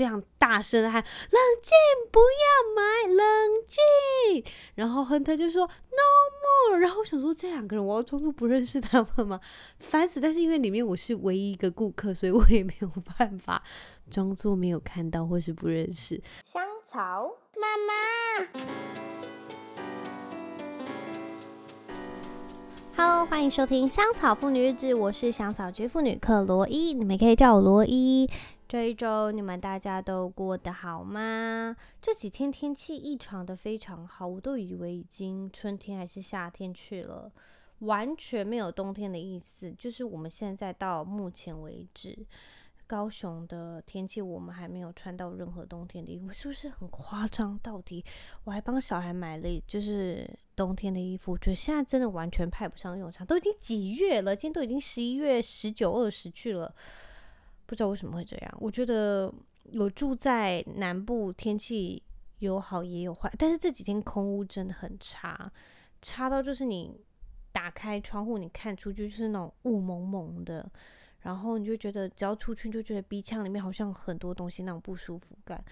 非常大聲的喊：“冷靜，不要買，冷靜。”然後亨特就說：“No more。”然後我想說，這兩個人我要裝作不認識他們嗎？煩死！但是因為裡面我是唯一一個顧客，所以我也沒有辦法裝作沒有看到或是不認識。香草媽媽，Hello，歡迎收聽《香草婦女日誌》，我是香草局婦女克羅伊，你們可以叫我羅伊。這一周你們大家都過得好嗎？這幾天天氣異常的非常好，我都以為已經春天還是夏天去了，完全沒有冬天的意思。就是我們現在到目前為止，高雄的天氣我們還沒有穿到任何冬天的衣服，是不是很誇張？到底我還幫小孩買了就是冬天的衣服，我覺得現在真的完全派不上用場，都已經幾月了？今天都已經十一月十九、二十去了。不知道為什麼會這樣？我覺得我住在南部，天氣有好也有壞，但是這幾天空污真的很差，差到就是你打開窗戶，你看出去就是那種霧濛濛的，然後你就覺得只要出去，就覺得鼻腔裡面好像很多東西那種不舒服感。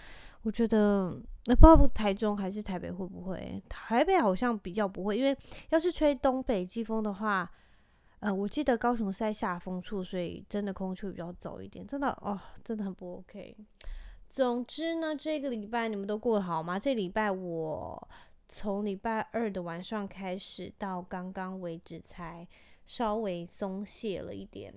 我覺得那不不，台中還是台北會不會？台北好像比較不會，因為要是吹東北季風的話。呃，我記得高雄是在下風處，所以真的空氣比較糟一點。真的哦，真的很不 OK。總之呢，這個禮拜你們都過得好嗎？這個禮拜我從禮拜二的晚上開始到剛剛為止才稍微鬆懈了一點。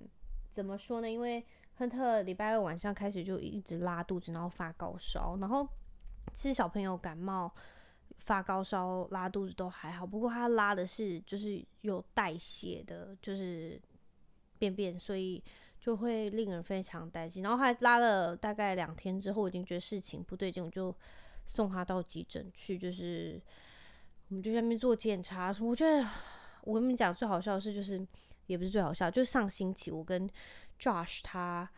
怎麼說呢？因為亨特禮拜二晚上開始就一直拉肚子，然後發高燒，然後其實小朋友感冒。發高燒、拉肚子都還好，不過他拉的是就是有帶血的，就是便便，所以就會令人非常擔心。然後他拉了大概兩天之後，我已經覺得事情不對勁，我就送他到急診去。就是我們就在那邊做檢查，我覺得我跟你們講最好笑的事，就是也不是最好笑，就是上星期我跟 Josh 他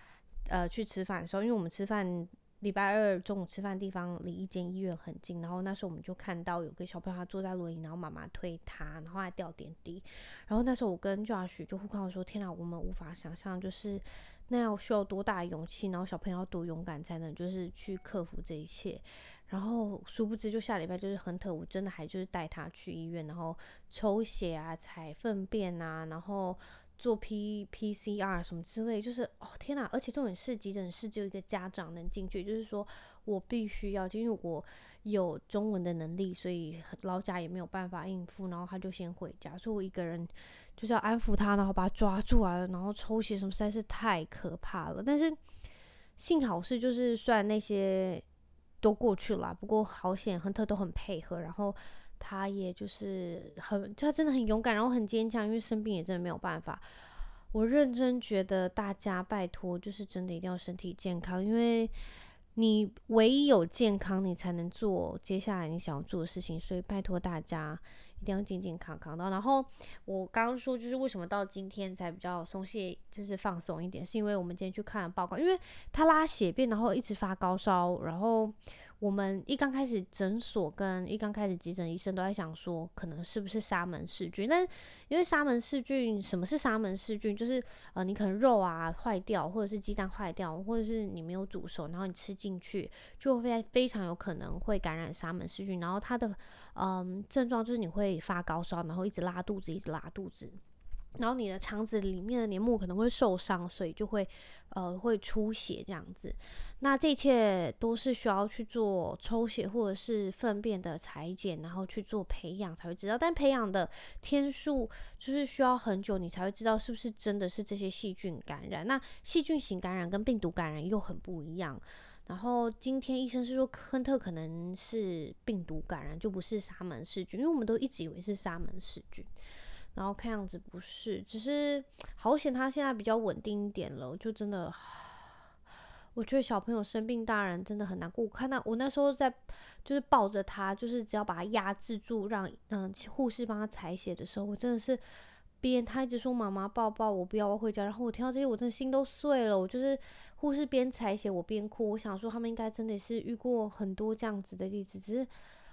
呃去吃飯的時候，因為我們吃飯。禮拜二中午吃飯地方離一間醫院很近，然後那時候我們就看到有個小朋友他坐在輪椅，然後媽媽推他，然後還吊點滴，然後那時候我跟 Josh 就互看我說：“天哪、啊，我們無法想象，就是那要需要多大的勇氣，然後小朋友要多勇敢才能就是去克服這一切。”然後殊不知就下禮拜就是亨特，我真的還就是帶他去醫院，然後抽血啊、採糞便啊，然後。做 P P C R 什麼之類，就是哦天哪、啊！而且重點是急診室只有一個家長能進去，就是說我必須要進去，因為我有中文的能力，所以老賈也沒有辦法應付，然後他就先回家，所以我一個人就是要安撫他，然後把他抓住啊，然後抽血什麼，實在是太可怕了。但是幸好是，就是算那些都過去了、啊，不過好險，亨特都很配合，然後。他也就是很，他真的很勇敢，然後很堅強，因為生病也真的沒有辦法。我認真覺得大家拜托，就是真的一定要身體健康，因為你唯一有健康，你才能做接下來你想要做的事情。所以拜托大家一定要健健康康的。然後我剛剛說，就是為什麼到今天才比較鬆懈，就是放鬆一點，是因為我們今天去看了報告，因為他拉血便，然後一直發高燒，然後。我們一剛開始診所跟一剛開始急診醫生都在想說，可能是不是沙門氏菌？但因為沙門氏菌，什麼是沙門氏菌？就是呃，你可能肉啊壞掉，或者是雞蛋壞掉，或者是你沒有煮熟，然後你吃進去，就會非常有可能會感染沙門氏菌。然後它的嗯、呃、症狀就是你會發高燒，然後一直拉肚子，一直拉肚子。然後你的腸子裡面的黏膜可能會受傷，所以就會，呃，會出血這樣子。那這一切都是需要去做抽血或者是糞便的裁剪，然後去做培養才會知道。但培養的天數就是需要很久，你才會知道是不是真的是這些細菌感染。那細菌型感染跟病毒感染又很不一樣。然後今天醫生是說，亨特可能是病毒感染，就不是沙門氏菌，因為我們都一直以為是沙門氏菌。然後看樣子不是，只是好險他現在比較穩定一點了，就真的，我覺得小朋友生病大人真的很難過。我看到我那時候在就是抱着他，就是只要把他壓制住讓，讓嗯護士幫他採血的時候，我真的是邊他一直說媽媽抱抱我，不要我回家，然後我聽到這些，我真的心都碎了。我就是護士邊採血我邊哭，我想說他們應該真的是遇過很多這樣子的例子，只是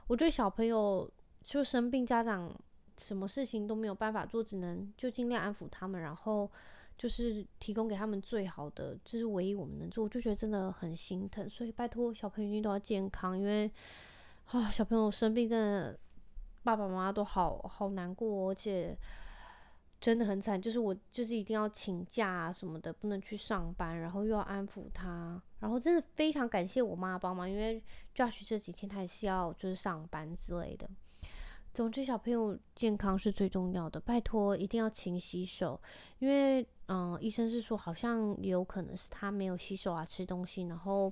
我覺得小朋友就生病家長。什麼事情都沒有辦法做，只能就盡量安撫他們，然後就是提供給他們最好的，這、就是唯一我們能做，就覺得真的很心疼。所以拜托，小朋友一定要健康，因為啊、哦，小朋友生病真的爸爸媽媽都好好難過，而且真的很慘。就是我就是一定要請假什麼的，不能去上班，然後又要安撫他，然後真的非常感謝我媽幫忙，因為 Josh 這幾天他也是要就是上班之類的。總之，小朋友健康是最重要的。拜託，一定要勤洗手，因為，嗯，醫生是說，好像有可能是他沒有洗手啊，吃東西，然後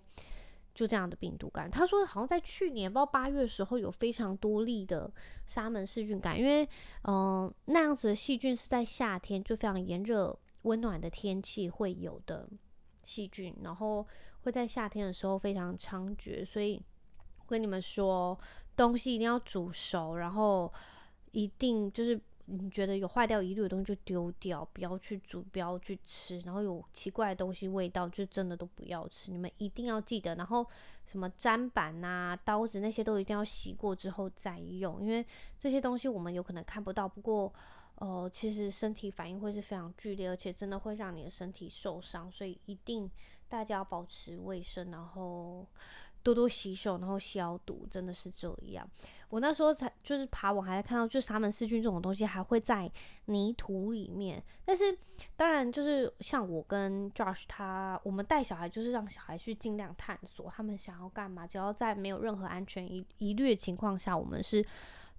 就這樣的病毒感染。他說，好像在去年，不知道八月的時候，有非常多例的沙門氏菌感染。因為，嗯，那樣子的細菌是在夏天就非常炎熱、溫暖的天氣會有的細菌，然後會在夏天的時候非常猖獗。所以我跟你們說。東西一定要煮熟，然後一定就是你覺得有壞掉疑慮的東西就丟掉，不要去煮，不要去吃。然後有奇怪的東西味道，就真的都不要吃。你們一定要記得。然後什麼砧板吶、啊、刀子那些都一定要洗過之後再用，因為這些東西我們有可能看不到。不過，呃，其實身體反應會是非常劇烈，而且真的會讓你的身體受傷。所以一定大家要保持衛生，然後。多多洗手，然後消毒，真的是這樣。我那時候才就是爬我還在看到，就沙門氏菌這種東西還會在泥土裡面。但是當然，就是像我跟 Josh 他，我們帶小孩就是讓小孩去盡量探索，他們想要幹嘛，只要在沒有任何安全疑疑慮的情況下，我們是。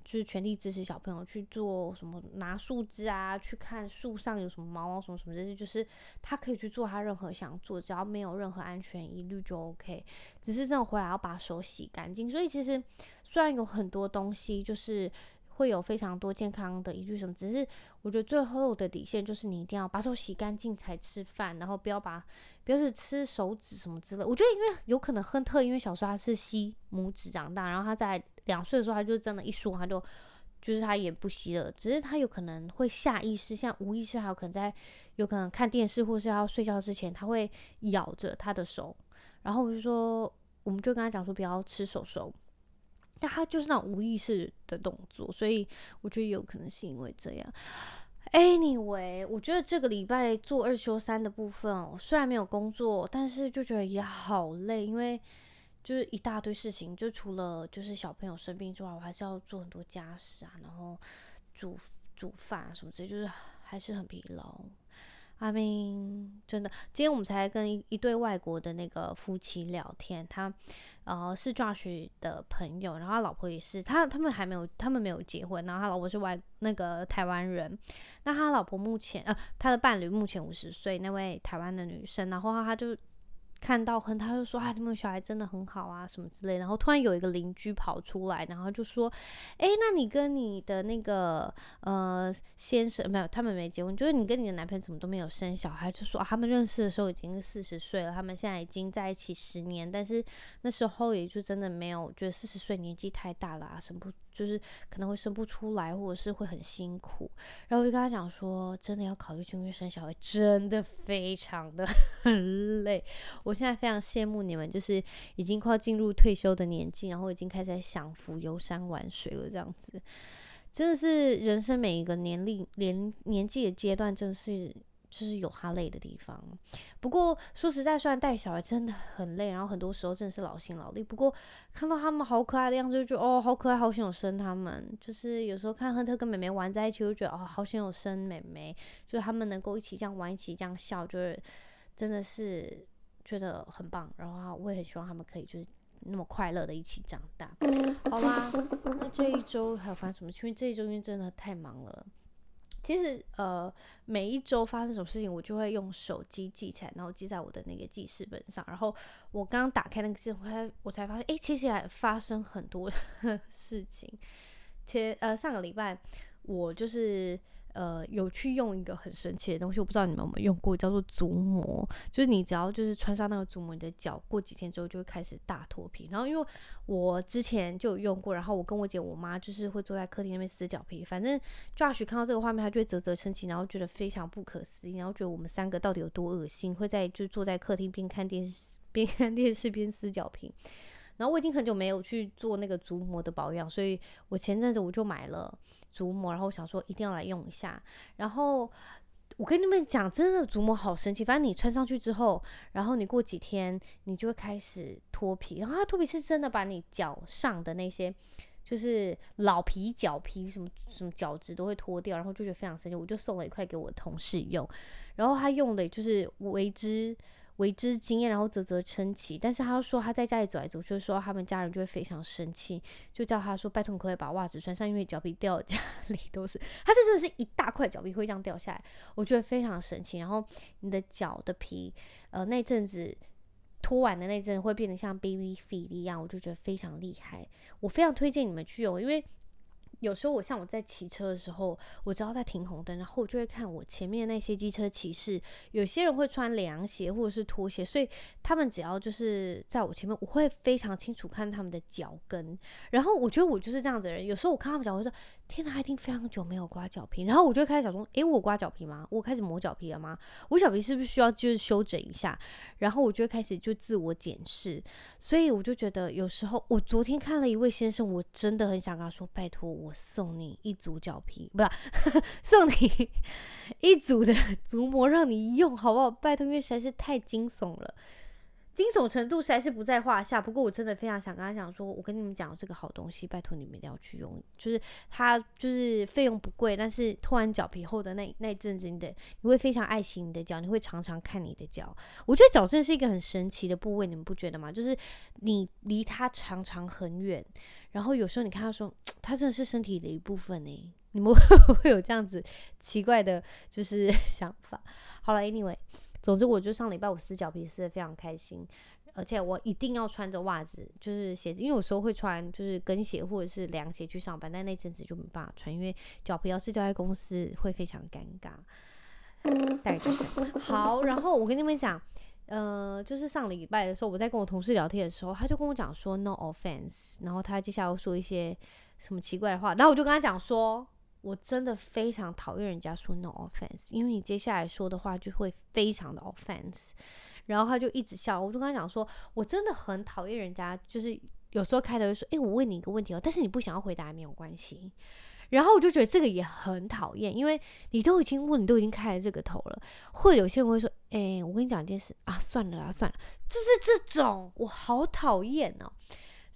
就是全力支持小朋友去做什麼，拿樹枝啊，去看樹上有什麼毛毛蟲什麼這些，就是他可以去做他任何想做，只要沒有任何安全疑慮就 OK。只是這種回來要把手洗乾淨。所以其實雖然有很多東西就是會有非常多健康的疑慮什麼，只是我覺得最後的底線就是你一定要把手洗乾淨才吃飯，然後不要把，不要是吃手指什麼之類。我覺得因為有可能亨特因為小時候他是吸拇指長大，然後他在。兩歲的時候，他就真的，一說他就，就是他也不吸了。只是他有可能會下意識，像無意識，還有可能在有可能看電視或是要睡覺之前，他會咬着他的手。然後我就說，我們就跟他講說，不要吃手手。但他就是那種無意識的動作，所以我覺得有可能是因為這樣。Anyway，我覺得這個禮拜做二休三的部分我喔，雖然沒有工作，但是就覺得也好累，因為。就是一大堆事情，就除了就是小朋友生病之外，我還是要做很多家事啊，然後煮煮飯啊什麼之類，就是還是很疲勞。I mean, 真的，今天我們才跟一,一對外國的那個夫妻聊天，他呃是爪哇的朋友，然後他老婆也是，他他們還沒有，他們沒有結婚，然後他老婆是外那個台灣人，那他老婆目前呃他的伴侶目前五十歲，那位台灣的女生，然後他就。看到很就，他又說啊，你們小孩真的很好啊，什麼之類。然後突然有一個鄰居跑出來，然後就說，哎、欸，那你跟你的那個呃先生沒有，他們沒結婚，就是你跟你的男朋友怎麼都沒有生小孩，就說，啊，他們認識的時候已經四十歲了，他們現在已經在一起十年，但是那時候也就真的沒有，覺得四十歲年紀太大了啊，啊什麼不。就是可能會生不出來，或者是會很辛苦。然後我就跟他講說，真的要考慮決定生小孩，真的非常的 很累。我現在非常羨慕你們，就是已經快要進入退休的年紀，然後已經開始享福、遊山玩水了，這樣子。真的是人生每一個年齡、年年紀的階段，真的是。就是有他累的地方，不過說實在，雖然帶小孩真的很累，然後很多時候真的是勞心勞力。不過看到他們好可愛的樣子就就，就覺得哦，好可愛，好想有生他們。就是有時候看亨特跟妹妹玩在一起，就覺得哦，好想有生妹妹就他們能夠一起這樣玩，一起這樣笑，就是真的是覺得很棒。然後我也很希望他們可以就是那麼快樂的一起長大，好啦、嗯嗯、那這一周還要發什麼？因為這一周真的太忙了。其實，呃，每一周發生什麼事情，我就會用手機記起來，然後記在我的那個記事本上。然後我剛剛打開那個記事本，我才，我才發現，誒、欸，其實還發生很多 事情。前，呃，上個禮拜我就是。呃，有去用一個很神奇的東西，我不知道你們有沒有用過，叫做足膜。就是你只要就是穿上那個足膜，你的腳過幾天之後就會開始大脫皮。然後因為我之前就有用過，然後我跟我姐我媽就是會坐在客廳那邊撕腳皮。反正抓 o 看到這個畫面，她就會嘖嘖稱奇，然後覺得非常不可思議，然後覺得我們三個到底有多噁心，會在就坐在客廳邊看電視邊看電視邊撕腳皮。然後我已經很久沒有去做那個足膜的保養，所以我前陣子我就買了足膜，然後我想說一定要來用一下。然後我跟你們講，真的足膜好神奇，反正你穿上去之後，然後你過幾天你就會開始脫皮，然後他脫皮是真的把你腳上的那些就是老皮、腳皮什麼什麼角質都會脫掉，然後就覺得非常神奇。我就送了一塊給我同事用，然後他用的就是維之。為之驚艷，然後嘖嘖稱奇。但是他說他在家裡走來走，就是、說他們家人就會非常生氣，就叫他說拜托你可，可以把襪子穿上，因為腳皮掉家裡都是。他這真的是一大塊腳皮會這樣掉下來，我覺得非常神奇。然後你的腳的皮，呃，那陣子脫完的那陣子會變得像 baby feet 一樣，我就覺得非常厲害。我非常推薦你們去用，因為。有時候我像我在騎車的時候，我只要在停紅燈，然後我就會看我前面那些機車騎士，有些人會穿涼鞋或者是拖鞋，所以他們只要就是在我前面，我會非常清楚看他們的腳跟。然後我覺得我就是這樣子的人，有時候我看他們腳，我會說。天吶，一定非常久沒有刮腳皮，然後我就開始想說，誒、欸，我刮腳皮嗎？我開始磨腳皮了嗎？我腳皮是不是需要就是修整一下？然後我就開始就自我檢視，所以我就覺得有時候我昨天看了一位先生，我真的很想跟他說，拜托，我送你一組腳皮，不是、啊、 送你一組的足膜讓你用，好不好？拜托，因為實在是太驚悚了。驚悚程度實在是不在話下，不過我真的非常想跟他講說，我跟你們講這個好東西，拜託你們一定要去用。就是它，就是費用不貴，但是脫完腳皮後的那那一陣子你的，你得你會非常愛惜你的腳，你會常常看你的腳。我覺得腳真的是一個很神奇的部位，你們不覺得嗎？就是你離它常常很遠，然後有時候你看他說，它真的是身體的一部分誒、欸，你們會不會有這樣子奇怪的，就是想法？好了，Anyway。總之，我就上禮拜我撕腳皮撕得非常開心，而且我一定要穿着襪子，就是鞋子，因為有時候會穿就是跟鞋或者是涼鞋去上班，但那陣子就沒辦法穿，因為腳皮要是掉在公司會非常尷尬。嗯，但就是 好，然後我跟你們講，呃，就是上禮拜的時候我在跟我同事聊天的時候，他就跟我講說 no offense，然後他接下來又說一些什麼奇怪的話，然後我就跟他講說。我真的非常討厭人家說 no offense，因為你接下來說的話就會非常的 offense，然後他就一直笑，我就跟他講說，我真的很討厭人家，就是有時候開頭就說，誒、欸，我問你一個問題哦，但是你不想要回答也沒有關係，然後我就覺得這個也很討厭，因為你都已經問，你都已經開了這個頭了，或者有些人會說，誒、欸，我跟你講一件事啊，算了啊，算了，就是這種，我好討厭哦。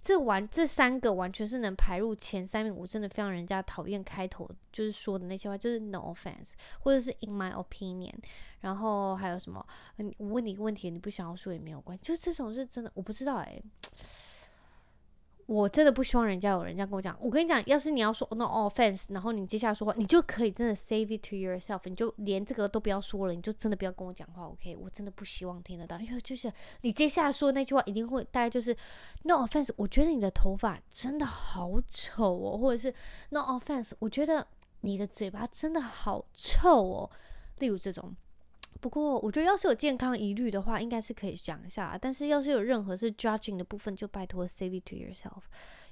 這完這三個完全是能排入前三名，我真的非常人家討厭開頭就是說的那些話，就是 no offense，或者是 in my opinion，然後還有什麼？嗯，我問你一個問題，你不想要說也沒有關係，就是這種是真的，我不知道哎、欸。我真的不希望人家有人這樣跟我講，我跟你講，要是你要說 no offense，然後你接下來說話，你就可以真的 save it to yourself，你就連這個都不要說了，你就真的不要跟我講話，OK？我真的不希望聽得到，因為就是你接下來說的那句話一定會大概就是 no offense，我覺得你的頭髮真的好醜哦，或者是 no offense，我覺得你的嘴巴真的好臭哦，例如這種。不過，我覺得要是有健康疑慮的話，應該是可以講一下啊。但是，要是有任何是 judging 的部分，就拜托 save it to yourself，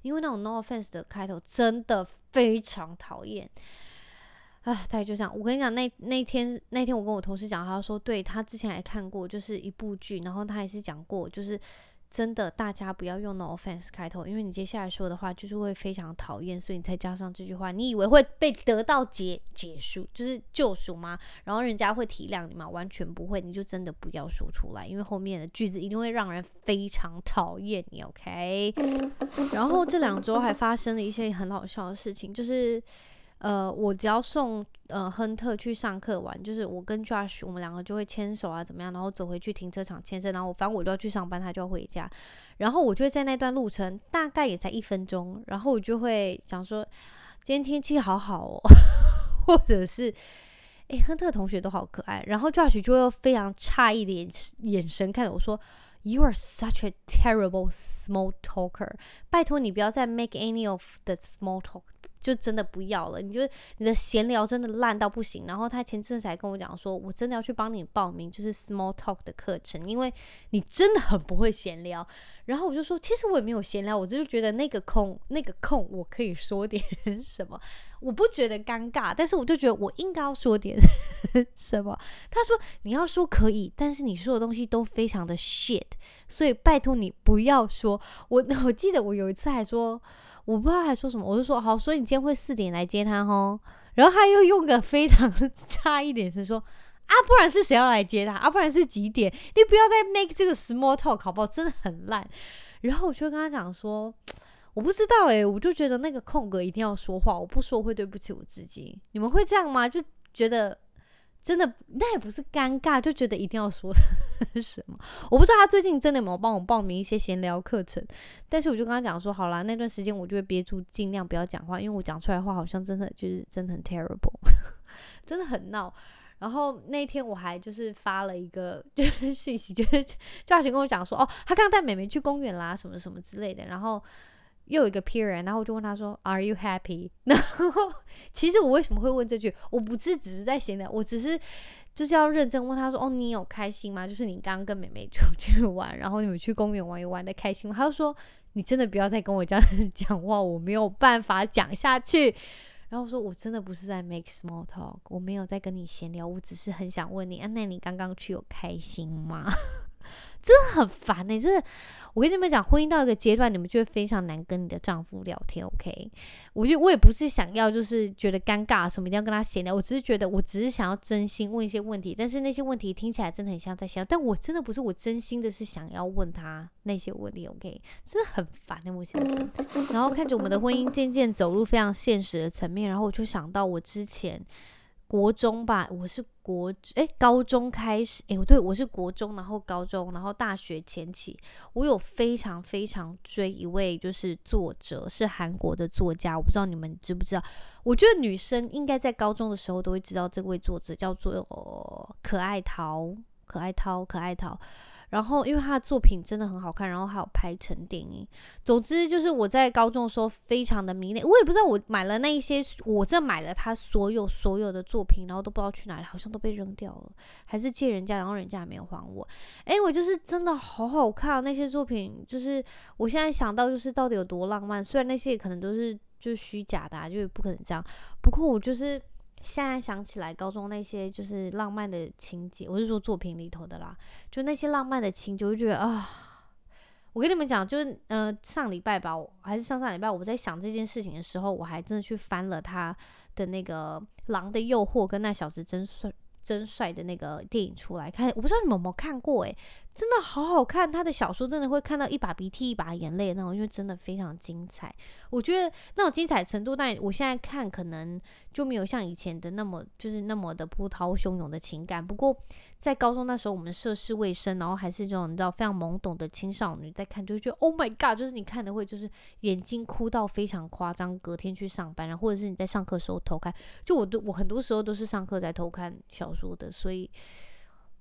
因為那種 no offense 的開頭真的非常討厭。啊，大家就這樣。我跟你講，那那天那天我跟我同事講，他說，對他之前還看過，就是一部劇，然後他也是講過，就是。真的，大家不要用 no offense 開頭，因為你接下來說的話就是會非常討厭，所以你再加上這句話，你以為會被得到結結束，就是救贖嗎？然後人家會體諒你嗎？完全不會，你就真的不要說出來，因為後面的句子一定會讓人非常討厭你。OK，然後這兩週還發生了一些很好笑的事情，就是。呃，我只要送呃亨特去上課完，就是我跟 Josh 我們兩個就會牽手啊，怎麼樣，然後走回去停車場牽手，然後我反正我就要去上班，他就要回家，然後我就會在那段路程大概也才一分鐘，然後我就會想說，今天天氣好好哦，或者是誒，亨特同學都好可愛，然後 Josh 就會非常詫異的眼眼神看着我說，You are such a terrible small talker，拜托你不要再 make any of the small talk。就真的不要了，你就你的閒聊真的爛到不行。然後他前陣子才跟我講，說我真的要去幫你報名，就是 small talk 的課程，因為你真的很不會閒聊。然後我就說，其實我也沒有閒聊，我就是覺得那個空，那個空我可以說點什麼。我不覺得尷尬，但是我就覺得我應該要說點什麼。他說你要說可以，但是你說的東西都非常的 shit，所以拜托你不要說。我我記得我有一次還說，我不知道還說什麼，我就說好，所以你今天會四點來接他哦。然後他又用個非常詫異的眼神說啊，不然是誰要來接他啊？不然是幾點？你不要再 make 這個 small talk 好不好？真的很爛。然後我就跟他講說。我不知道哎、欸，我就覺得那個空格，一定要說話，我不說會對不起我自己。你們會這樣嗎？就覺得真的，那也不是尷尬，就覺得一定要說什麼。我不知道他最近真的有沒有幫我報名一些閒聊課程，但是我就跟他講說，好啦，那段時間我就會憋住，盡量不要講話，因為我講出來的話好像真的就是真的很 terrible， 真的很鬧。然後那一天我還就是發了一個就是訊息，就是、就阿群跟我講說，哦，他剛剛帶妹妹去公園啦，什麼什麼之類的，然後。又有一個 peer 人，然後我就問他說：“Are you happy？” 然後其實我為什麼會問這句？我不是只是在閒聊，我只是就是要認真問他說：“哦，你有開心嗎？就是你剛剛跟妹妹出去玩，然後你們去公園玩一玩，也玩得開心嗎？”他就說：“你真的不要再跟我這樣講話，我沒有辦法講下去。”然後我說：“我真的不是在 make small talk，我沒有在跟你閒聊，我只是很想問你啊，那你剛剛去有開心嗎？”真的很煩呢、欸，真的，我跟你們講，婚姻到一個階段，你們就會非常難跟你的丈夫聊天。OK，我就我也不是想要，就是覺得尷尬什麼，一定要跟他閒聊。我只是覺得，我只是想要真心問一些問題，但是那些問題聽起來真的很像在閒聊。但我真的不是，我真心的是想要問他那些問題。OK，真的很煩哎，我相信，然後看着我們的婚姻漸漸走入非常現實的層面，然後我就想到我之前。國中吧，我是國誒、欸。高中開始誒、欸，對，我是國中，然後高中，然後大學前期，我有非常非常追一位就是作者，是韓國的作家，我不知道你們知不知道，我覺得女生應該在高中的時候都會知道這位作者叫做可愛淘，可愛淘，可愛淘。然後，因為他的作品真的很好看，然後還有拍成電影。總之，就是我在高中的時候非常的迷戀，我也不知道我買了那一些，我這買了他所有所有的作品，然後都不知道去哪裡，好像都被扔掉了，還是借人家，然後人家也沒有還我。哎，我就是真的好好看那些作品，就是我現在想到就是到底有多浪漫。雖然那些可能都是就是虛假的啊，就是不可能這樣。不過我就是。現在想起來，高中那些就是浪漫的情節，我是說作品裡頭的啦，就那些浪漫的情節，就我覺得啊，我跟你們講，就是呃上禮拜吧，還是上上禮拜，我在想這件事情的時候，我還真的去翻了他的那個《狼的誘惑》跟那小子真帥真帥的那個電影出來看，我不知道你們有沒有看過誒、欸？真的好好看，他的小說真的會看到一把鼻涕一把眼淚那種，因為真的非常精彩。我覺得那種精彩程度，但我現在看可能就沒有像以前的那麼，就是那麼的波濤洶湧的情感。不過在高中那時候，我們涉世未深，然後還是這種你知道非常懵懂的青少女在看，就會覺得 Oh my God，就是你看的會就是眼睛哭到非常誇張，隔天去上班，然後或者是你在上課時候偷看，就我都我很多時候都是上課在偷看小說的，所以。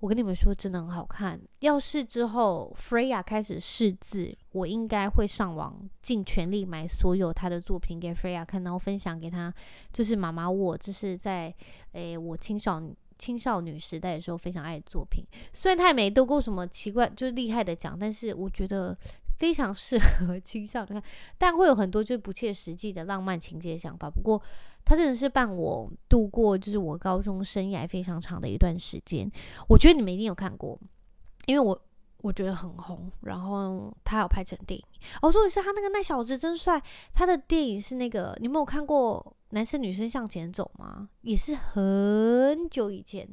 我跟你們說，真的很好看。要是之後 Freya 開始試字，我應該會上網盡全力買所有他的作品給 Freya 看，然後分享給他。就是媽媽我，我這是在誒我青少女青少女時代的時候非常愛的作品。雖然他也沒得過什麼奇怪就是厲害的獎，但是我覺得。非常適合青少女看，但會有很多就是不切實際的浪漫情節想法。不過他真的是伴我度過，就是我高中生涯非常長的一段時間。我覺得你們一定有看過，因為我我覺得很紅，然後他有拍成電影。哦，重點是他那個那小子真帥。他的電影是那個，你們有看過《男生女生向前走》嗎？也是很久以前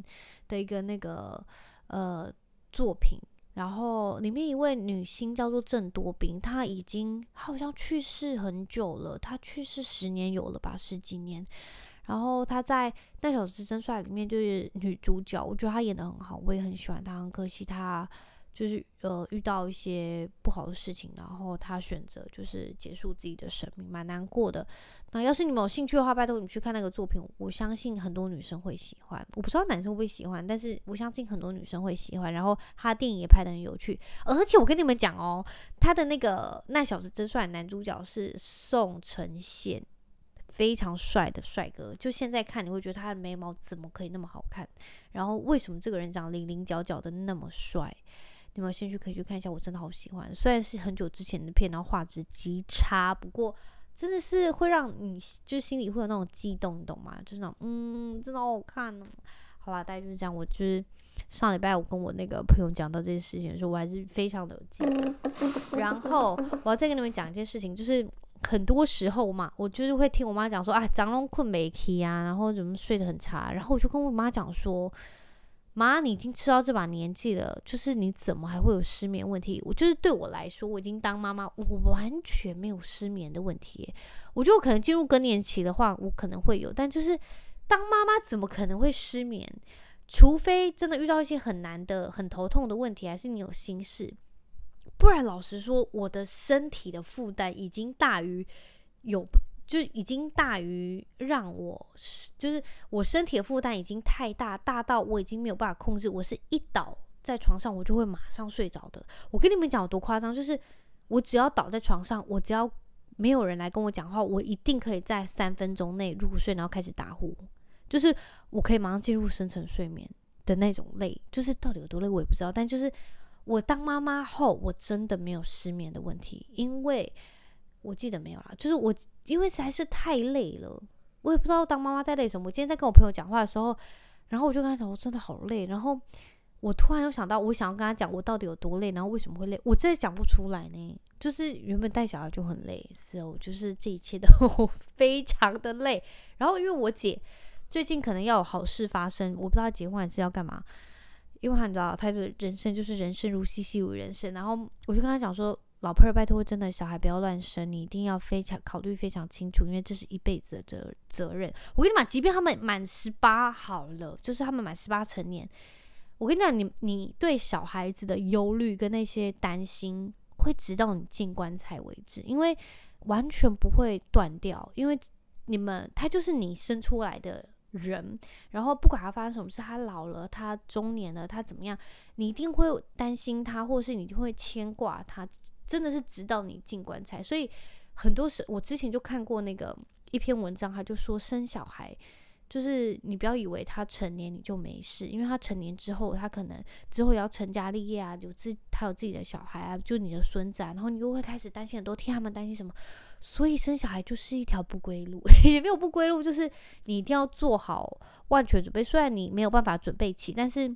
的一個那個呃作品。然後裡面一位女星叫做鄭多彬，她已經好像去世很久了，她去世十年有了吧，十幾年，然後她在《那小子真帥》裡面就是女主角，我覺得她演得很好，我也很喜歡她，很可惜她。就是呃，遇到一些不好的事情，然後他選擇就是結束自己的生命，蠻難過的。那要是你們有興趣的話，拜托你去看那個作品，我相信很多女生會喜歡。我不知道男生會不會喜歡，但是我相信很多女生會喜歡。然後他電影也拍得很有趣，而且我跟你們講哦，他的那個《那小子真帥》，男主角是宋承憲，非常帥的帥哥。就現在看你會覺得他的眉毛怎麼可以那麼好看？然後為什麼這個人長得稜稜角角的那麼帥？有沒有興趣可以去看一下？我真的好喜歡，雖然是很久之前的片，然後畫質極差，不過真的是會讓你就心裡會有那種激動，你懂嗎？就是那種嗯，真的好好看呢、啊。好吧，大概就是這樣。我就是上禮拜我跟我那個朋友講到這件事情的時候，我還是非常的激動。 然後我要再跟你們講一件事情，就是很多時候嘛，我就是會聽我媽講說啊，長龍困沒起啊，然後怎麼睡得很差，然後我就跟我媽講說。媽，你已經吃到這把年紀了，就是你怎麼還會有失眠問題？我就是對我來說，我已經當媽媽，我完全沒有失眠的問題。我覺得我可能進入更年期的話，我可能會有，但就是當媽媽怎麼可能會失眠？除非真的遇到一些很難的、很頭痛的問題，還是你有心事，不然老實說，我的身體的負擔已經大於有。就已經大於讓我是，就是我身體的負擔已經太大，大到我已經沒有辦法控制。我是一倒在床上，我就會馬上睡着的。我跟你們講有多誇張，就是我只要倒在床上，我只要沒有人來跟我講話，我一定可以在三分鐘內入睡，然後開始打呼，就是我可以馬上進入深層睡眠的那種累。就是到底有多累，我也不知道。但就是我當媽媽後，我真的沒有失眠的問題，因為。我記得沒有啦、啊，就是我因為實在是太累了，我也不知道當媽媽在累什麼。我今天在跟我朋友講話的時候，然後我就跟他講，我真的好累。然後我突然又想到，我想要跟他講，我到底有多累，然後為什麼會累，我真的講不出來呢。就是原本帶小孩就很累，是哦，就是這一切都非常的累。然後因為我姐最近可能要有好事發生，我不知道結婚還是要幹嘛，因為她你知道，她的人生就是人生如戲，戲如人生。然後我就跟他講說。老婆，拜託，真的，小孩不要亂生，你一定要非常考慮非常清楚，因為這是一輩子的責責任。我跟你講，即便他們滿十八好了，就是他們滿十八成年，我跟你講，你你對小孩子的憂慮跟那些擔心會直到你進棺材為止，因為完全不會斷掉，因為你們他就是你生出來的人，然後不管他發生什麼事，他老了，他中年了，他怎麼樣，你一定會擔心他，或是你一定會牽掛他。真的是直到你進棺材，所以很多時，我之前就看過那個一篇文章，他就說，生小孩就是你不要以為他成年你就沒事，因為他成年之後，他可能之後也要成家立業啊，有自他有自己的小孩啊，就你的孫子啊，然後你又會開始擔心，很多天，替他們擔心什麼？所以生小孩就是一條不歸路，也沒有不歸路，就是你一定要做好萬全準備，雖然你沒有辦法準備起，但是。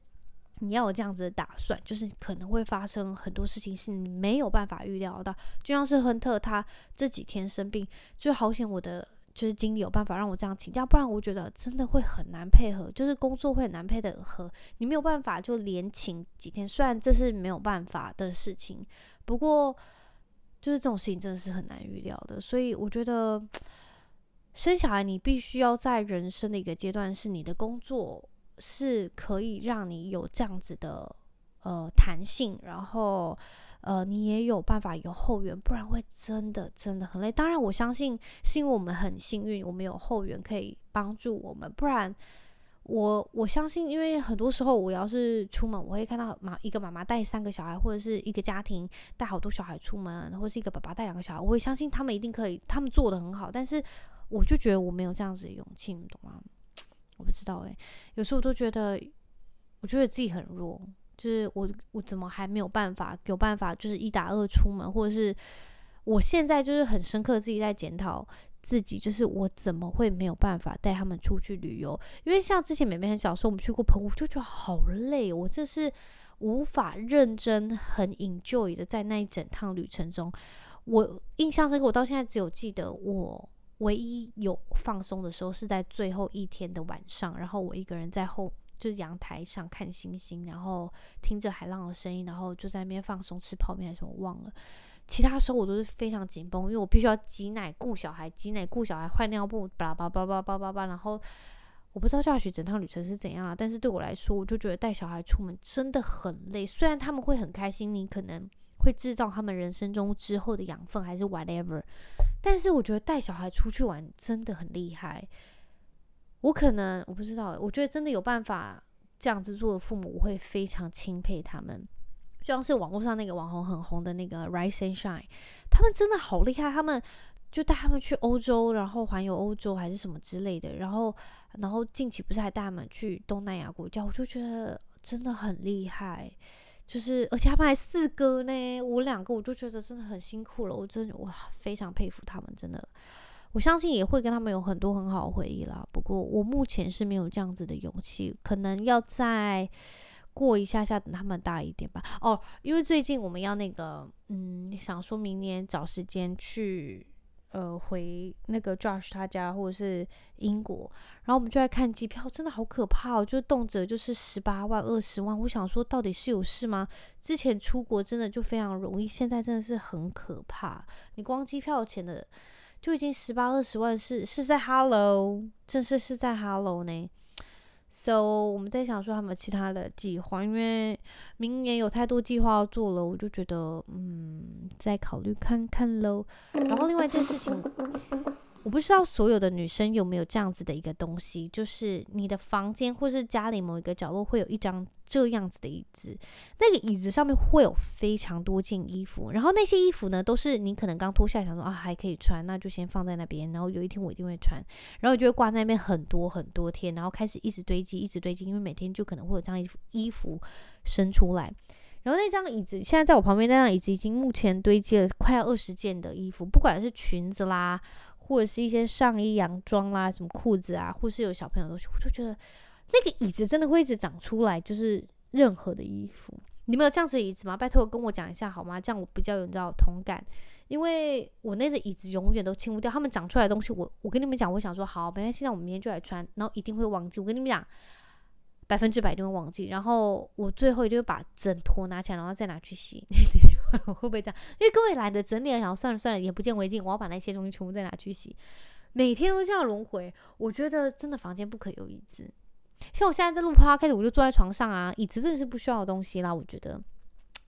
你要有這樣子的打算，就是可能會發生很多事情是你沒有辦法預料到。就像是亨特他這幾天生病，就好險我的就是經理有辦法讓我這樣請假，不然我覺得真的會很難配合，就是工作會很難配得合。你沒有辦法就連請幾天，雖然這是沒有辦法的事情，不過就是這種事情真的是很難預料的。所以我覺得生小孩，你必須要在人生的一個階段是你的工作是可以讓你有這樣子的呃彈性，然後呃你也有辦法有後援，不然會真的真的很累。當然我相信是因為我們很幸運，我們有後援可以幫助我們，不然我我相信，因為很多時候我要是出門，我會看到媽一個媽媽帶三個小孩，或者是一個家庭帶好多小孩出門，或者是一個爸爸帶兩個小孩，我會相信他們一定可以，他們做的很好。但是我就覺得我沒有這樣子的勇氣，你懂嗎？我不知道誒、欸，有時候我都覺得，我覺得自己很弱，就是我我怎麼還沒有辦法有辦法，就是一打二出門，或者是我現在就是很深刻自己在檢討自己，就是我怎麼會沒有辦法帶他們出去旅遊？因為像之前美美很小的時候我們去過澎湖，我就覺得好累，我這是無法認真很 enjoy 的在那一整趟旅程中，我印象深刻，我到現在只有記得我。唯一有放鬆的時候是在最後一天的晚上，然後我一個人在後就是陽臺上看星星，然後聽着海浪的聲音，然後就在那邊放鬆吃泡麵還是什麼忘了。其他時候我都是非常緊繃，因為我必須要擠奶顧小孩，擠奶顧小孩換尿布，巴拉巴拉巴拉巴拉。然後我不知道教學整趟旅程是怎樣了、啊，但是對我來說，我就覺得帶小孩出門真的很累，雖然他們會很開心，你可能。會制造他們人生中之後的養分，還是 whatever。但是我覺得帶小孩出去玩真的很厲害。我可能我不知道，我覺得真的有辦法這樣子做的父母，我會非常欽佩他們。就像是網絡上那個網紅很紅的那個 Rise and Shine，他們真的好厲害。他們就帶他們去歐洲，然後環遊歐洲還是什麼之類的。然後，然後近期不是還帶他們去東南亞國家？我就覺得真的很厲害。就是，而且他們還四哥呢，我兩個，我就覺得真的很辛苦了。我真哇，我非常佩服他們，真的。我相信也會跟他們有很多很好的回憶啦。不過我目前是沒有這樣子的勇氣，可能要再過一下下，等他們大一點吧。哦，因為最近我們要那個，嗯，想說明年找時間去。呃，回那個 Josh 他家，或者是英國，然後我們就來看機票，真的好可怕哦，就動輒就是十八萬、二十萬。我想說，到底是有事嗎？之前出國真的就非常容易，現在真的是很可怕。你光機票錢的就已經十八二十萬是，是是在 Hello，真是是在 Hello 呢。so 我們在想說，還有沒有其他的計劃？因為明年有太多計劃要做了，我就覺得嗯，再考慮看看嘍、嗯。然後另外一件事情。嗯嗯我不知道所有的女生有沒有這樣子的一個東西，就是你的房間或是家裡某一個角落會有一張這樣子的椅子，那個椅子上面會有非常多件衣服，然後那些衣服呢，都是你可能剛脫下來想說啊，還可以穿，那就先放在那邊，然後有一天我一定會穿，然後就會掛在那邊很多很多天，然後開始一直堆積，一直堆積，因為每天就可能會有這樣衣服衣服生出來，然後那張椅子現在在我旁邊，那張椅子已經目前堆積了快二十件的衣服，不管是裙子啦。或者是一些上衣、洋裝啦、啊，什麼褲子啊，或者是有小朋友的東西，我就覺得那個椅子真的會一直長出來。就是任何的衣服，你們有這樣子的椅子嗎？拜託跟我講一下好嗎？這樣我比較有你知道同感，因為我那個椅子永遠都清不掉，他們長出來的東西，我我跟你們講，我想說好，本來現在我明天就來穿，然後一定會忘記，我跟你們講，百分之百都會忘記。然後我最後一定會把枕頭拿起來，然後再拿去洗。 我會不會這樣？因為各位懶得整理，然後算了算了，也不見為淨。我要把那些東西全部再拿去洗，每天都這樣輪迴。我覺得真的房間不可有椅子。像我現在在錄 podcast，我就坐在床上啊，椅子真的是不需要的東西啦。我覺得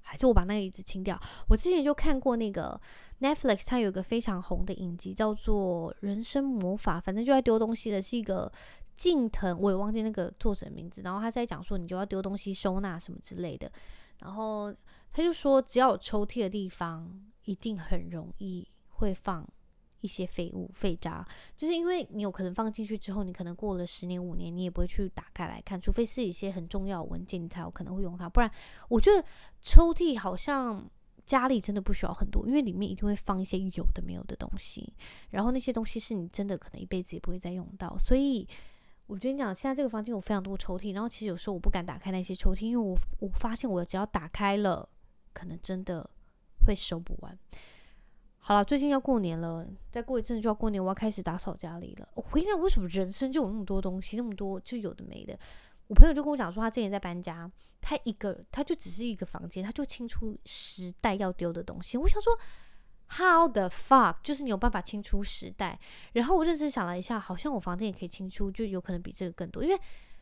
還是我把那個椅子清掉。我之前就看過那個 Netflix，它有一個非常紅的影集叫做《人生魔法》，反正就在丟東西的，是一個近藤，我也忘記那個作者的名字。然後他在講說，你就要丟東西收納什麼之類的，然後。他就說，只要有抽屜的地方，一定很容易會放一些廢物、廢渣，就是因為你有可能放進去之後，你可能過了十年、五年，你也不會去打開來看，除非是一些很重要的文件，你才有可能會用它。不然，我覺得抽屜好像家裡真的不需要很多，因為裡面一定會放一些有的沒有的東西，然後那些東西是你真的可能一輩子也不會再用到。所以，我跟你講，現在這個房間有非常多抽屜，然後其實有時候我不敢打開那些抽屜，因為我我發現我只要打開了。可能真的會收不完。好了，最近要過年了，再過一陣就要過年，我要開始打掃家裡了。我、哦、回想為什麼人生就有那麼多東西，那麼多就有的沒的。我朋友就跟我講說，他之前在搬家，他一個他就只是一個房間，他就清出十袋要丟的東西。我想說，How the fuck？就是你有辦法清出十袋。然後我認真想了一下，好像我房間也可以清出，就有可能比這個更多，因為。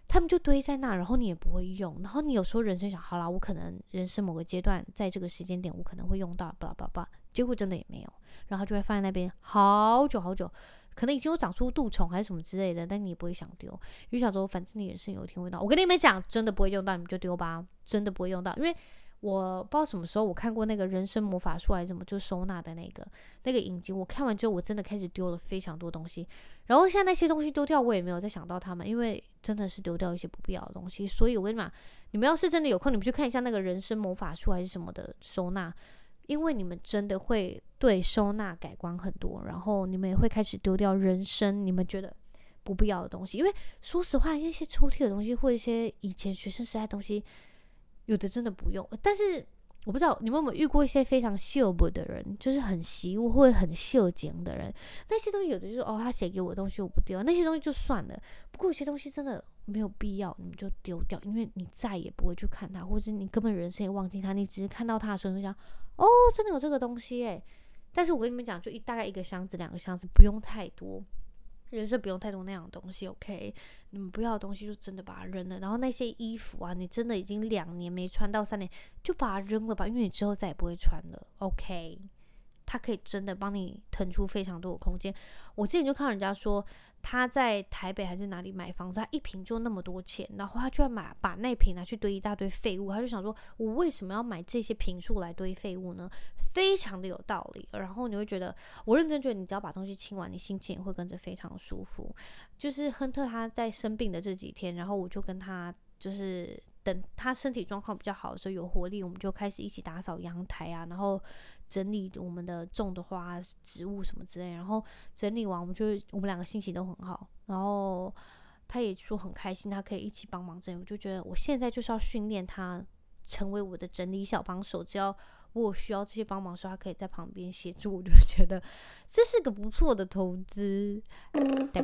他們就堆在那，然後你也不會用。然後你有時候人生想，好啦，我可能人生某個階段，在這個時間點，我可能會用到，巴拉巴拉巴拉，結果真的也沒有，然後就會放在那邊好久好久，可能已經有長出蛀蟲還是什麼之類的，但你也不會想丟，因為小時候反正你人生有一天會到。我跟你們講，真的不會用到，你們就丟吧，真的不會用到，因為。我不知道什麼時候我看過那個人生魔法書還是什麼，就收納的那個那個影集。我看完之後，我真的開始丟了非常多東西。然後現在那些東西丟掉，我也沒有再想到他們，因為真的是丟掉一些不必要的東西。所以我跟你講，你們要是真的有空，你們去看一下那個人生魔法書還是什麼的收納，因為你們真的會對收納改觀很多，然後你們也會開始丟掉人生你們覺得不必要的東西。因為說實話，那些抽屜的東西或者一些以前學生時代的東西。有的真的不用，但是我不知道你們有沒有遇過一些非常秀博的人，就是很習物或者很秀精的人。那些東西有的就是哦，他寫給我的東西我不丟，那些東西就算了。不過有些東西真的沒有必要，你們就丟掉，因為你再也不會去看他，或者你根本人生也忘記他。你只是看到他的時候就想，哦，真的有這個東西誒。但是我跟你們講，就一大概一個箱子、兩個箱子，不用太多。人生不用太多那樣的東西，OK。你們不要的東西就真的把它扔了，然後那些衣服啊，你真的已經兩年沒穿到三年，就把它扔了吧，因為你之後再也不會穿了，OK。它可以真的幫你騰出非常多的空間。我之前就看人家說。他在台北還是哪裡買房子，他一坪就那麼多錢，然後他居然買把那坪拿去堆一大堆廢物，他就想說，我為什麼要買這些坪數來堆廢物呢？非常的有道理。然後你會覺得，我認真覺得，你只要把東西清完，你心情也會跟着非常舒服。就是亨特他在生病的這幾天，然後我就跟他，就是等他身體狀況比較好的時候有活力，我們就開始一起打掃陽台啊，然後。整理我們的種的花、植物什麼之類，然後整理完，我們就我們兩個心情都很好。然後他也說很開心，他可以一起幫忙整理。我就覺得我現在就是要訓練他成為我的整理小幫手，只要我需要這些幫忙的時候，他可以在旁邊協助。我就覺得這是個不錯的投資，嗯嗯。大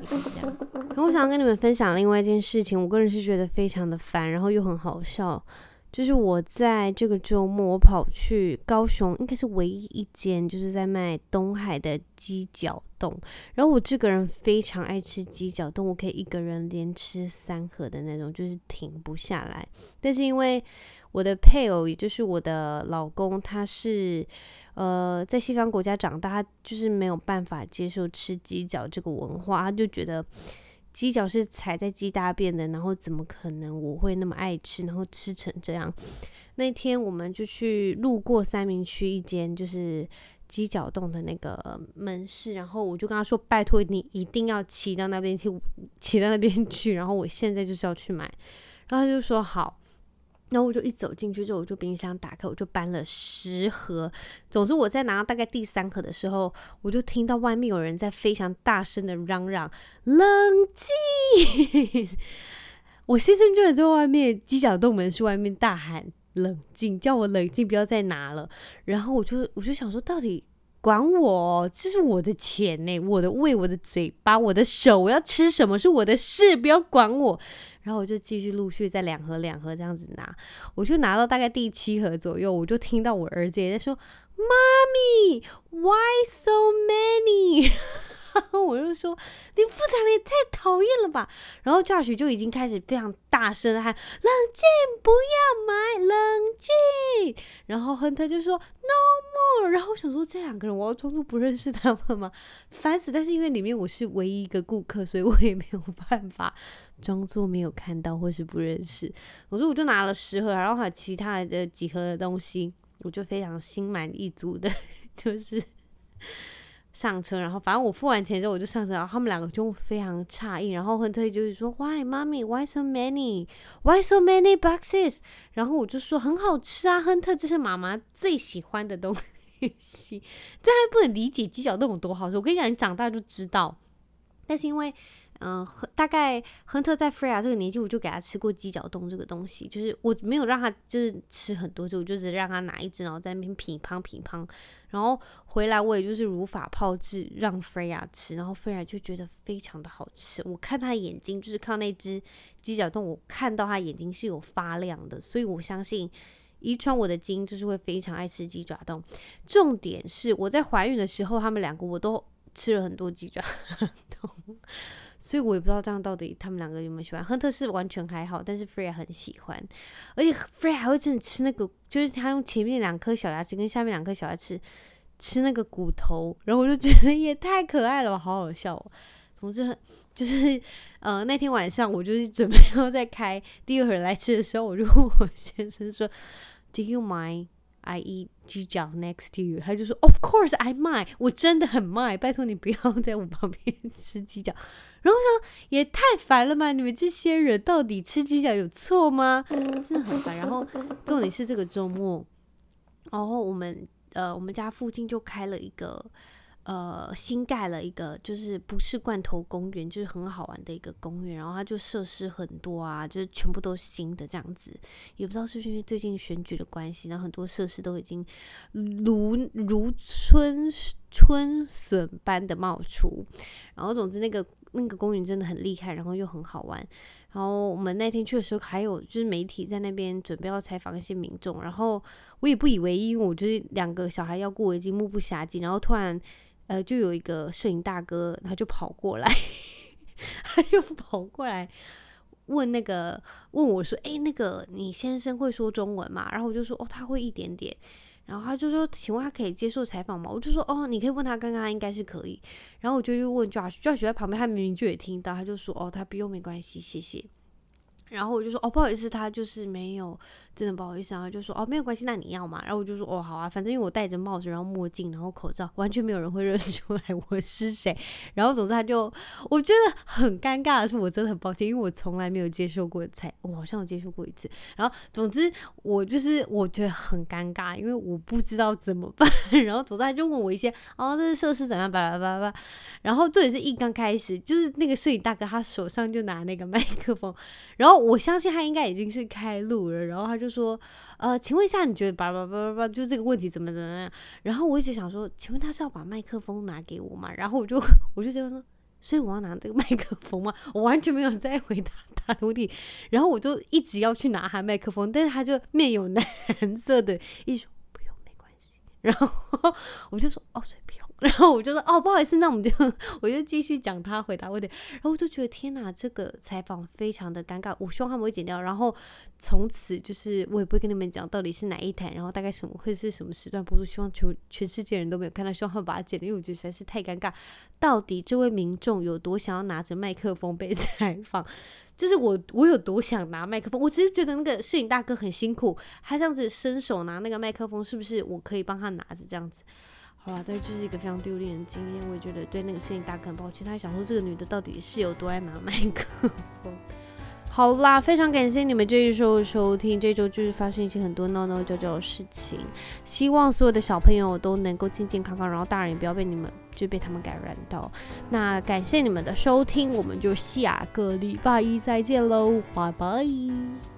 然後我想要跟你們分享另外一件事情，我個人是覺得非常的煩，然後又很好笑。就是我在這個周末，我跑去高雄，應該是唯一一間就是在賣東海的雞腳凍。然後我這個人非常愛吃雞腳凍，我可以一個人連吃三盒的那種，就是停不下來。但是因為我的配偶，也就是我的老公，他是呃在西方國家長大，他就是沒有辦法接受吃雞腳這個文化，他就覺得。雞腳是踩在雞大便的，然後怎麼可能我會那麼愛吃，然後吃成這樣？那天我們就去路過三民區一間就是雞腳凍的那個門市，然後我就跟他說：“拜託你一定要騎到那邊去，騎到那邊去。”然後我現在就是要去買，然後他就說：“好。”然後我就一走進去之後，我就冰箱打開，我就搬了十盒。總之，我在拿到大概第三盒的時候，我就聽到外面有人在非常大聲的嚷嚷：“冷靜！” 我先生就在外面犄角洞門是外面大喊：“冷靜！叫我冷靜，不要再拿了。”然後我就我就想說，到底管我？這是我的錢呢、欸，我的胃，我的嘴巴，我的手，我要吃什麼是我的事，不要管我。然後我就繼續陸續再兩盒兩盒這樣子拿，我就拿到大概第七盒左右，我就聽到我兒子也在說：“媽咪，why so many？” 我就說你父子也太討厭了吧！然後 Josh 就已經開始非常大聲的喊：“冷靜，不要買，冷靜！”然後亨特就說 “No more。”然後我想說這兩個人我要裝作不認識他們嗎？煩死！但是因為裡面我是唯一一個顧客，所以我也沒有辦法裝作沒有看到或是不認識。我說我就拿了十盒，然後還有其他的幾盒的東西，我就非常心滿意足的，就是。上車，然後反正我付完錢之後我就上車，然後他們兩個就非常詫異，然後亨特就會說，Why，Mummy，Why why so many，Why so many boxes？然後我就說很好吃啊，亨特，這是媽媽最喜歡的東西， 這還不能理解雞腳那種多好吃，我跟你講，你長大就知道，但是因為。嗯，大概亨特在菲亞這個年紀，我就給他吃過雞腳凍這個東西，就是我沒有讓他就是吃很多，就我就是讓他拿一隻，然後在那邊乒乓乒乓，乓，乓，然後回來我也就是如法炮製讓菲亞吃，然後菲亞就覺得非常的好吃。我看他眼睛就是看那隻雞腳凍，我看到他眼睛是有發亮的，所以我相信遺傳我的基因就是會非常愛吃雞爪凍。重點是我在懷孕的時候，他們兩個我都吃了很多雞爪凍。所以我也不知道這樣到底他們兩個有沒有喜歡。亨特是完全還好，但是 Freya 很喜歡，而且 Freya 還會真的吃那個，就是他用前面兩顆小牙齒跟下面兩顆小牙齒吃那個骨頭，然後我就覺得也太可愛了吧，好好笑哦。總之就是，呃，那天晚上我就是準備要再開第二盒來吃的時候，我就問我先生說：“Do you mind I eat 雞腳 next to you？” 他就說：“Of course I mind。”我真的很 mind，拜託你不要在我旁邊吃雞腳。然後說，也太煩了吧！你們這些人到底吃雞腳有錯嗎？真的很煩。然後重點是這個周末，然後我們呃，我們家附近就開了一個呃新蓋了一個，就是不是罐頭公園，就是很好玩的一個公園。然後它就設施很多啊，就是全部都是新的這樣子。也不知道是不是因為最近選舉的關係，然後很多設施都已經如如春春筍般的冒出。然後總之那個。那個公園真的很厲害，然後又很好玩。然後我們那天去的時候，還有就是媒體在那邊準備要採訪一些民眾。然後我也不以為意，因為我就是兩個小孩要顧，已經目不暇接。然後突然，呃，就有一個攝影大哥，他就跑過來， 他又跑過來問那個問我說：“誒、欸，那個你先生會說中文嗎？”然後我就說：“哦，他會一點點。”然後他就說：“請問他可以接受採訪嗎？”我就說：“哦，你可以問他，剛剛他應該是可以。”然後我就去問 Josh，Josh 在旁邊，他明明就也聽到，他就說：“哦，他不用，沒關係，謝謝。”然後我就說哦，不好意思，他就是沒有，真的不好意思啊。就說哦，沒有關係，那你要嘛？然後我就說哦，好啊，反正因為我戴着帽子，然後墨鏡，然後口罩，完全沒有人會認出來我是誰。然後總之他就我覺得很尷尬的是，我真的很抱歉，因為我從來沒有接受過採、哦、我好像有接受過一次。然後總之我就是我覺得很尷尬，因為我不知道怎麼辦。然後總之他就問我一些哦，這是設施怎麼樣，巴拉巴拉。然後這也是一剛開始，就是那個攝影大哥他手上就拿那個麥克風，然後。我相信他應該已經是開錄了，然後他就說：“呃，請問一下，你覺得……吧吧吧吧吧，就這個問題怎麼怎麼樣？”然後我一直想說：“請問他是要把麥克風拿給我嗎？”然後我就我就覺得說：“所以我要拿這個麥克風嗎？”我完全沒有在回答他的問題，然後我就一直要去拿他麥克風，但是他就面有難色的，一直說：“不用，沒關係。”然後我就說：“哦，然後我就說，哦，不好意思，那我們就我就繼續講，他回答問題。然後我就覺得天哪，這個採訪非常的尷尬。我希望他們會剪掉，然後從此就是我也不會跟你們講到底是哪一台，然後大概什麼會是什麼時段播出。希望全全世界人都沒有看到，希望他們把它剪掉，因為我覺得實在是太尷尬。到底這位民眾有多想要拿着麥克風被採訪？就是我我有多想拿麥克風？我只是覺得那個攝影大哥很辛苦，他這樣子伸手拿那個麥克風，是不是我可以幫他拿着這樣子？好啦，但就是一個非常丟臉的經驗，我也覺得對那個攝影大哥很抱歉。他還想說，這個女的到底是有多愛拿麥克風。 好啦，非常感謝你們這一周的收聽，這周就是發生一些很多鬧鬧叫叫的事情。希望所有的小朋友都能夠健健康康，然後大人也不要被你們就被他們感染到。那感謝你們的收聽，我們就下個禮拜一再見嘍，拜拜。